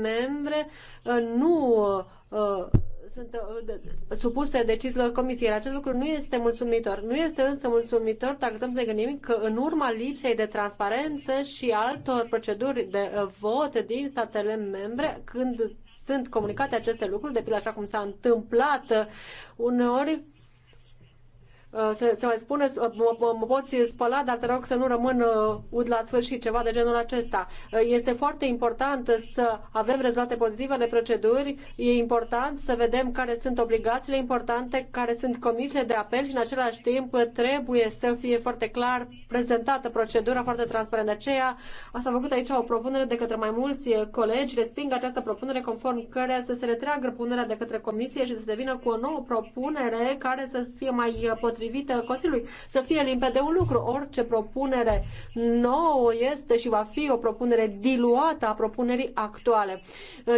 membre uh, nu uh, sunt uh, supuse deciziilor comisiei. Acest lucru nu este mulțumitor. Nu este însă mulțumitor dacă să ne gândim că în urma lipsei de transparență și altor proceduri de vot din statele membre, când sunt comunicate aceste lucruri, de pildă așa cum s-a întâmplat uneori, Uh, se, se mai spune, uh, mă, mă, poți spăla, dar te rog să nu rămân uh, ud la sfârșit, ceva de genul acesta. Este foarte important să avem rezultate pozitive ale proceduri, e important să vedem care sunt obligațiile importante, care sunt comisiile de apel și în același timp trebuie să fie foarte clar prezentată procedura foarte transparent. De aceea s-a făcut aici o propunere de către mai mulți colegi, resping această propunere conform care să se retragă propunerea de către comisie și să se vină cu o nouă propunere care să fie mai potrivită potrivit Consiliului. Să fie limpede un lucru, orice propunere nouă este și va fi o propunere diluată a propunerii actuale.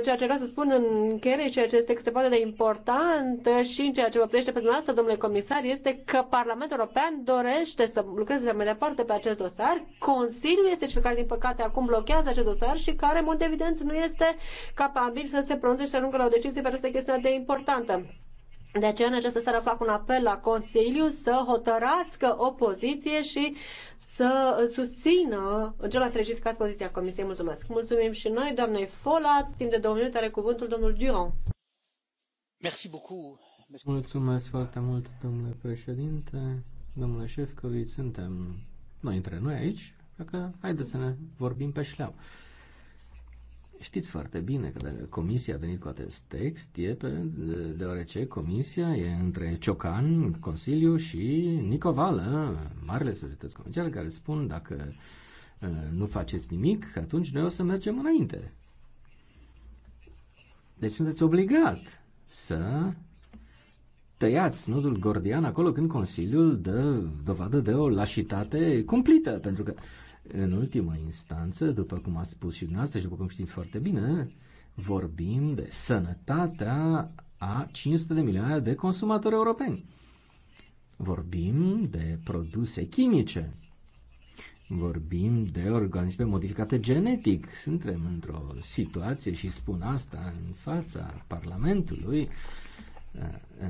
Ceea ce vreau să spun în încheiere și ceea ce este că se poate de important și în ceea ce vă privește pe dumneavoastră, domnule comisar, este că Parlamentul European dorește să lucreze mai departe pe acest dosar. Consiliul este cel care, din păcate, acum blochează acest dosar și care, în mod evident, nu este capabil să se pronunțe și să ajungă la o decizie pentru că este chestiune de importantă. De aceea, în această seară fac un apel la Consiliu să hotărască o poziție și să susțină, în cel mai caz, poziția Comisiei. Mulțumesc! Mulțumim și noi, doamnei Folat. Timp de două minute are cuvântul domnul Durand. Merci beaucoup. Mulțumesc foarte mult, domnule președinte, domnule că suntem noi între noi aici, dacă haideți să ne vorbim pe șleau. Știți foarte bine că dacă comisia a venit cu acest text, e pe, deoarece comisia e între Ciocan, Consiliu și Nicovală, marile societăți comerciale, care spun dacă uh, nu faceți nimic, atunci noi o să mergem înainte. Deci sunteți obligat să tăiați nodul gordian acolo când Consiliul dă dovadă de o lașitate cumplită, pentru că în ultimă instanță, după cum a spus și dumneavoastră și după cum știți foarte bine, vorbim de sănătatea a 500 de milioane de consumatori europeni. Vorbim de produse chimice, vorbim de organisme modificate genetic. Suntem într-o situație și spun asta în fața Parlamentului eh,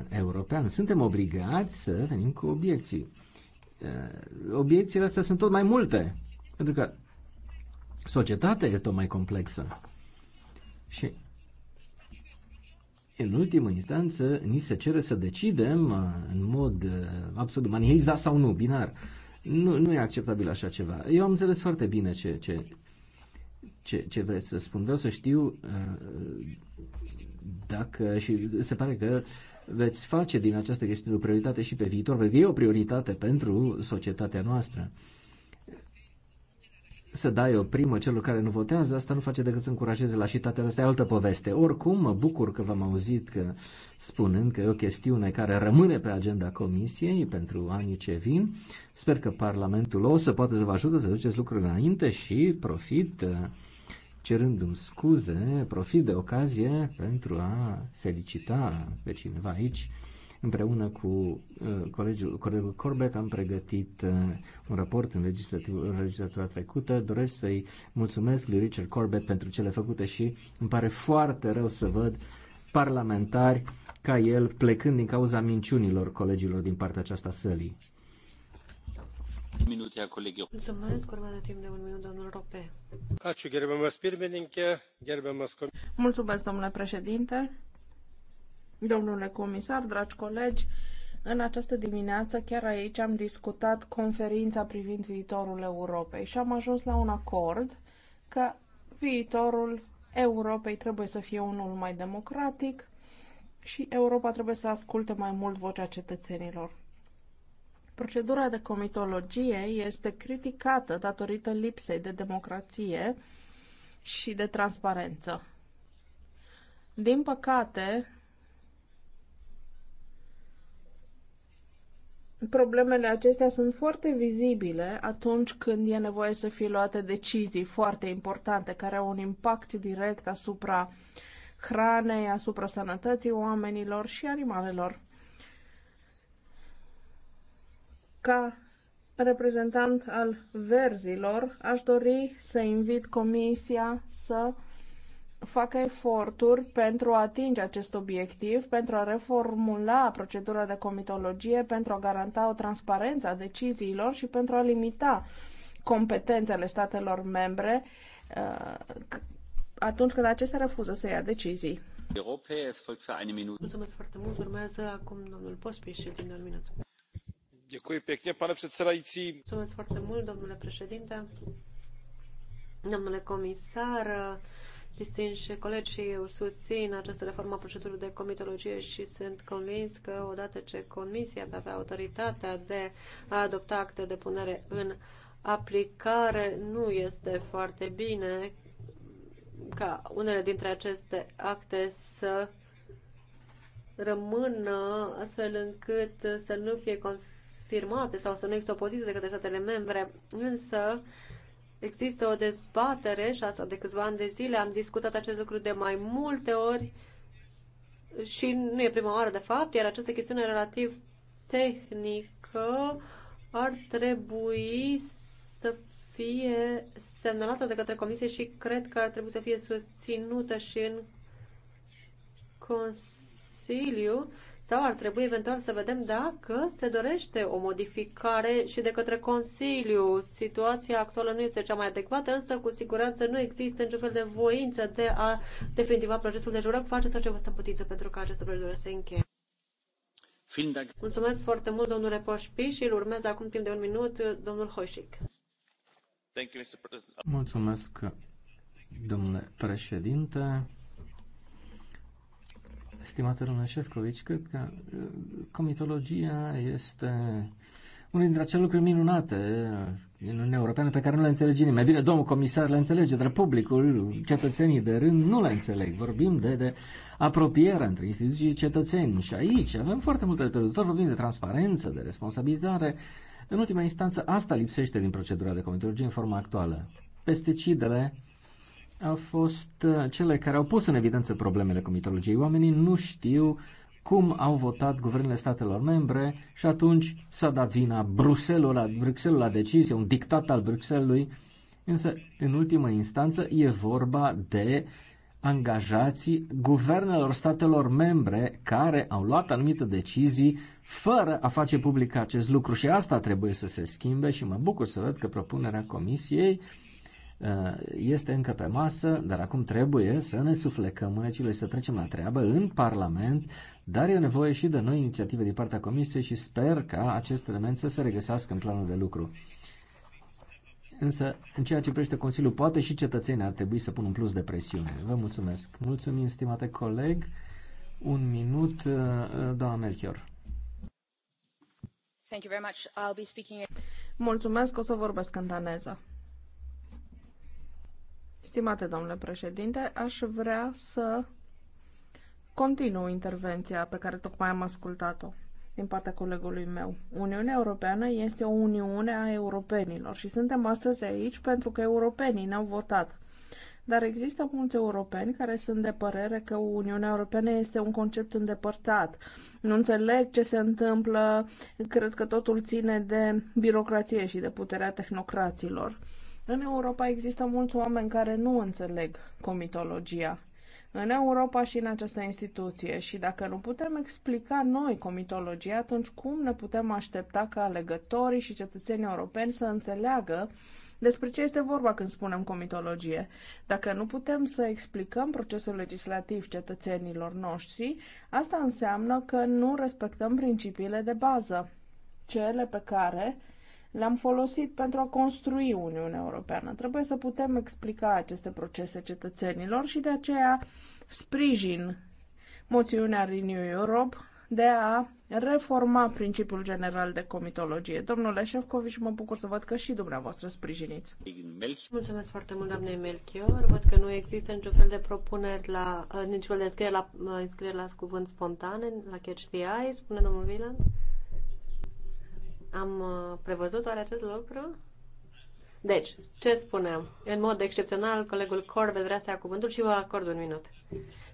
European. Suntem obligați să venim cu obiecții. Eh, obiecțiile astea sunt tot mai multe. Pentru că societatea este tot mai complexă. Și în ultimă instanță, ni se cere să decidem uh, în mod uh, absolut manihist, da sau nu, binar. Nu, nu e acceptabil așa ceva. Eu am înțeles foarte bine ce, ce, ce, ce vreți să spun. Vreau să știu uh, dacă și se pare că veți face din această chestiune o prioritate și pe viitor, pentru că e o prioritate pentru societatea noastră să dai o primă celor care nu votează, asta nu face decât să încurajeze lașitatea. Asta e altă poveste. Oricum, mă bucur că v-am auzit că, spunând că e o chestiune care rămâne pe agenda Comisiei pentru anii ce vin. Sper că Parlamentul o să poată să vă ajute să duceți lucrurile înainte și profit uh, cerându-mi scuze, profit de ocazie pentru a felicita pe cineva aici Împreună cu uh, colegiul, colegul Corbett am pregătit uh, un raport în legislatura trecută. Doresc să-i mulțumesc lui Richard Corbett pentru cele făcute și îmi pare foarte rău să văd parlamentari ca el plecând din cauza minciunilor colegilor din partea aceasta sălii. Minute, colegiului. Mulțumesc, urmează timp de un minut, domnul Rope. Mulțumesc, domnule președinte. Domnule comisar, dragi colegi, în această dimineață chiar aici am discutat conferința privind viitorul Europei și am ajuns la un acord că viitorul Europei trebuie să fie unul mai democratic și Europa trebuie să asculte mai mult vocea cetățenilor. Procedura de comitologie este criticată datorită lipsei de democrație și de transparență. Din păcate, problemele acestea sunt foarte vizibile atunci când e nevoie să fie luate decizii foarte importante care au un impact direct asupra hranei, asupra sănătății oamenilor și animalelor. Ca reprezentant al verzilor, aș dori să invit Comisia să facă eforturi pentru a atinge acest obiectiv, pentru a reformula procedura de comitologie, pentru a garanta o transparență a deciziilor și pentru a limita competențele statelor membre uh, atunci când acestea refuză să ia decizii. Mulțumesc foarte mult. Urmează acum domnul Pospișil din un minut. Mulțumesc foarte mult, domnule președinte. Domnule comisar, Distinși colegi și eu susțin această reformă a procedurii de comitologie și sunt convins că odată ce Comisia va avea autoritatea de a adopta acte de punere în aplicare, nu este foarte bine ca unele dintre aceste acte să rămână astfel încât să nu fie confirmate sau să nu există opoziție de către statele membre. Însă, Există o dezbatere și asta de câțiva ani de zile. Am discutat acest lucru de mai multe ori și nu e prima oară, de fapt, iar această chestiune relativ tehnică ar trebui să fie semnalată de către Comisie și cred că ar trebui să fie susținută și în Consiliu. Sau ar trebui eventual să vedem dacă se dorește o modificare și de către Consiliu. Situația actuală nu este cea mai adecvată, însă cu siguranță nu există niciun fel de voință de a definitiva procesul de jurăc. Faceți tot ce vă stă putință pentru ca această procedură să încheie. Mulțumesc foarte mult, domnule Poșpi, și îl urmează acum timp de un minut domnul Hoșic. Mulțumesc, domnule președinte stimată domnule Șefcovici, cred că uh, comitologia este unul dintre acele lucruri minunate uh, în Uniunea Europeană pe care nu le înțelege nimeni. Bine, domnul comisar le înțelege, dar publicul, cetățenii de rând, nu le înțeleg. Vorbim de, de apropierea între instituții și cetățeni și aici avem foarte multe de tot. Vorbim de transparență, de responsabilizare. În ultima instanță, asta lipsește din procedura de comitologie în forma actuală. Pesticidele au fost uh, cele care au pus în evidență problemele cu mitologiei. Oamenii nu știu cum au votat guvernele statelor membre și atunci s-a dat vina. Bruxelles la Bruxelles a decis, e un dictat al Bruxellesului, însă în ultimă instanță e vorba de angajații guvernelor statelor membre care au luat anumite decizii fără a face public acest lucru și asta trebuie să se schimbe și mă bucur să văd că propunerea Comisiei uh, Eh, este încă pe masă, dar acum trebuie să ne suflecăm mânecile și să trecem la treabă în Parlament, dar e nevoie și de noi inițiative din partea Comisiei și sper ca acest element să se regăsească în planul de lucru. Însă, în ceea ce privește Consiliul, poate și cetățenii ar trebui să pun un plus de presiune. Vă mulțumesc. Mulțumim, stimate coleg. Un minut, eh, doamna Melchior. Mulțumesc, o să vorbesc în daneză. Stimate domnule președinte, aș vrea să continuu intervenția pe care tocmai am ascultat-o din partea colegului meu. Uniunea Europeană este o uniune a europenilor și suntem astăzi aici pentru că europenii ne-au votat. Dar există mulți europeni care sunt de părere că Uniunea Europeană este un concept îndepărtat. Nu înțeleg ce se întâmplă, cred că totul ține de birocrație și de puterea tehnocraților. În Europa există mulți oameni care nu înțeleg comitologia în Europa și în această instituție și dacă nu putem explica noi comitologia, atunci cum ne putem aștepta ca alegătorii și cetățenii europeni să înțeleagă despre ce este vorba când spunem comitologie? Dacă nu putem să explicăm procesul legislativ cetățenilor noștri, asta înseamnă că nu respectăm principiile de bază, cele pe care le-am folosit pentru a construi Uniunea Europeană. Trebuie să putem explica aceste procese cetățenilor și de aceea sprijin moțiunea Renew Europe de a reforma principiul general de comitologie. Domnule Șefcoviș, mă bucur să văd că și dumneavoastră sprijiniți. Mulțumesc foarte mult, doamne Melchior. Văd că nu există niciun fel de propuneri la, niciun fel de înscriere la, înscriere la cuvânt spontane, la Catch the Eye, spune domnul Wieland. Am uh, prevăzut oare acest lucru? Deci, ce spuneam? În mod excepțional, colegul Corbe vrea să ia cuvântul și vă acord un minut.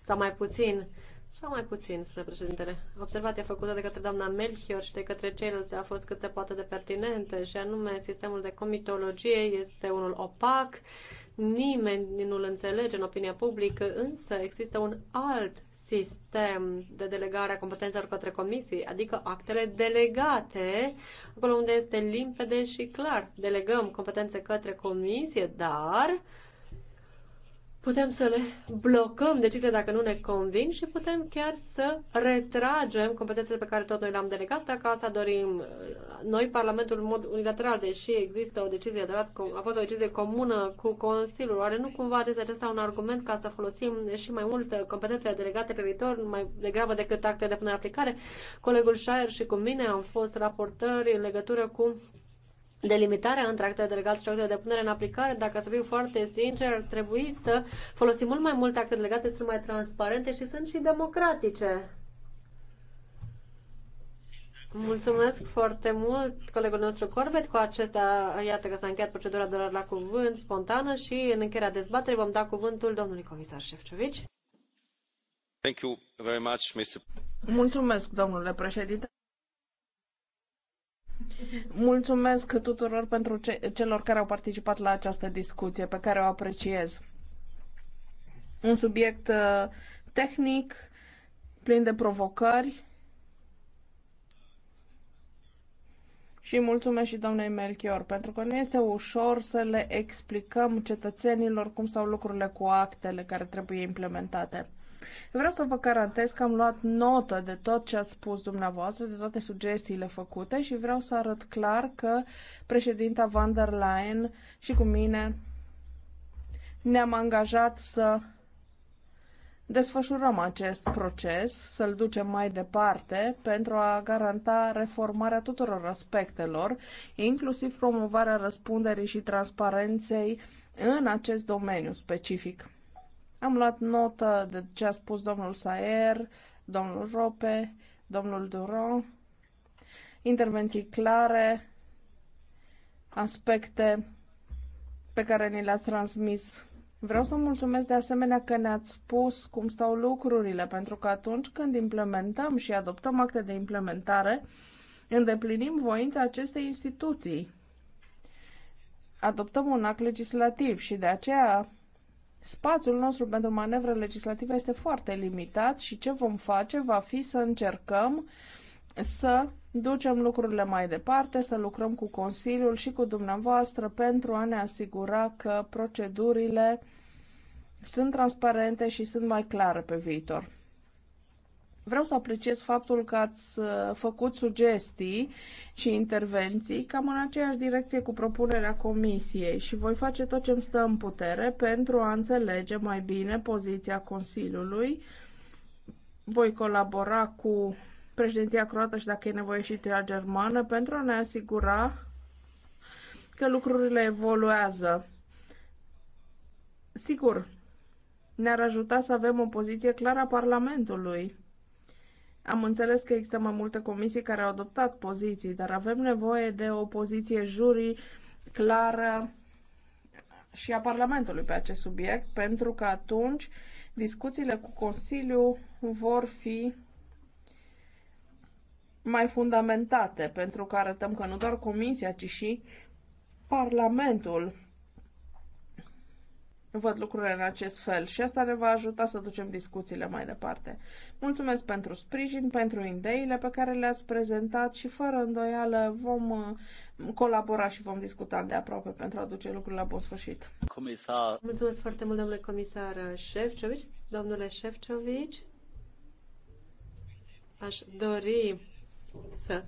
Sau mai puțin, sau mai puțin, spre președintele. Observația făcută de către doamna Melchior și de către ceilalți a fost cât se poate de pertinentă și anume sistemul de comitologie este unul opac, nimeni nu-l înțelege în opinia publică, însă există un alt sistem de delegare a competențelor către comisii, adică actele delegate, acolo unde este limpede și clar. Delegăm competențe către comisie, dar putem să le blocăm decizia dacă nu ne convin și putem chiar să retragem competențele pe care tot noi le-am delegat, dacă asta dorim noi, Parlamentul, în mod unilateral, deși există o decizie, de a fost o decizie comună cu Consiliul, oare nu cumva este acesta un argument ca să folosim și mai mult competențele delegate pe viitor, mai degrabă decât acte de punere aplicare? Colegul Shire și cu mine am fost raportări în legătură cu delimitarea între actele delegate și actele de punere în aplicare, dacă să fiu foarte sincer, ar trebui să folosim mult mai multe acte delegate, sunt mai transparente și sunt și democratice. Mulțumesc foarte mult colegul nostru Corbet. Cu acesta, iată că s-a încheiat procedura de la cuvânt spontană și în încheierea dezbaterii vom da cuvântul domnului comisar Șefcovici. Mulțumesc, domnule președinte. Mulțumesc tuturor pentru ce, celor care au participat la această discuție, pe care o apreciez. Un subiect uh, tehnic, plin de provocări. Și mulțumesc și doamnei Melchior, pentru că nu este ușor să le explicăm cetățenilor cum au lucrurile cu actele care trebuie implementate. Vreau să vă garantez că am luat notă de tot ce ați spus dumneavoastră, de toate sugestiile făcute și vreau să arăt clar că președinta van der Leyen și cu mine ne-am angajat să desfășurăm acest proces, să-l ducem mai departe pentru a garanta reformarea tuturor aspectelor, inclusiv promovarea răspunderii și transparenței în acest domeniu specific. Am luat notă de ce a spus domnul Saer, domnul Rope, domnul Duron. Intervenții clare, aspecte pe care ni le-ați transmis. Vreau să mulțumesc de asemenea că ne-ați spus cum stau lucrurile, pentru că atunci când implementăm și adoptăm acte de implementare, îndeplinim voința acestei instituții. Adoptăm un act legislativ și de aceea Spațiul nostru pentru manevre legislative este foarte limitat și ce vom face va fi să încercăm să ducem lucrurile mai departe, să lucrăm cu Consiliul și cu dumneavoastră pentru a ne asigura că procedurile sunt transparente și sunt mai clare pe viitor. Vreau să apreciez faptul că ați uh, făcut sugestii și intervenții cam în aceeași direcție cu propunerea Comisiei și voi face tot ce îmi stă în putere pentru a înțelege mai bine poziția Consiliului. Voi colabora cu președinția croată și dacă e nevoie și cea germană pentru a ne asigura că lucrurile evoluează. Sigur, ne-ar ajuta să avem o poziție clară a Parlamentului am înțeles că există mai multe comisii care au adoptat poziții, dar avem nevoie de o poziție jurii clară și a Parlamentului pe acest subiect, pentru că atunci discuțiile cu Consiliul vor fi mai fundamentate, pentru că arătăm că nu doar Comisia, ci și Parlamentul văd lucrurile în acest fel și asta ne va ajuta să ducem discuțiile mai departe. Mulțumesc pentru sprijin, pentru ideile pe care le-ați prezentat și fără îndoială vom uh, colabora și vom discuta de aproape pentru a duce lucrurile la bun sfârșit. Comisar. Mulțumesc foarte mult, domnule comisar Șefcevici. Domnule Șefcevici, aș dori să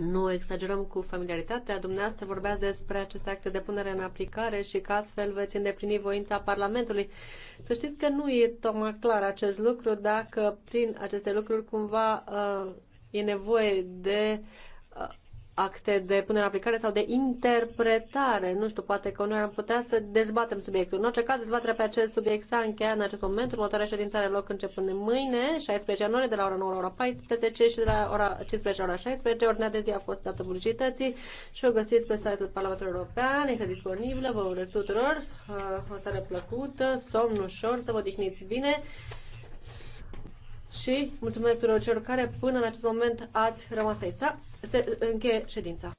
nu exagerăm cu familiaritatea. Dumneavoastră vorbeați despre aceste acte de punere în aplicare și că astfel veți îndeplini voința Parlamentului. Să știți că nu e tocmai clar acest lucru dacă prin aceste lucruri cumva uh, e nevoie de uh, acte de punere în aplicare sau de interpretare. Nu știu, poate că noi am putea să dezbatem subiectul. În orice caz, dezbaterea pe acest subiect s-a încheiat în acest moment. Următoarea ședință are loc începând de mâine, 16 ianuarie, de la ora 9 la ora 14 și de la ora 15 la ora 16. Ordinea de zi a fost dată publicității și o găsiți pe site-ul Parlamentului European. Este disponibilă. Vă urez tuturor uh, o seară plăcută, somn ușor, să vă odihniți bine. Și mulțumesc tuturor celor care până în acest moment ați rămas aici se încheie ședința.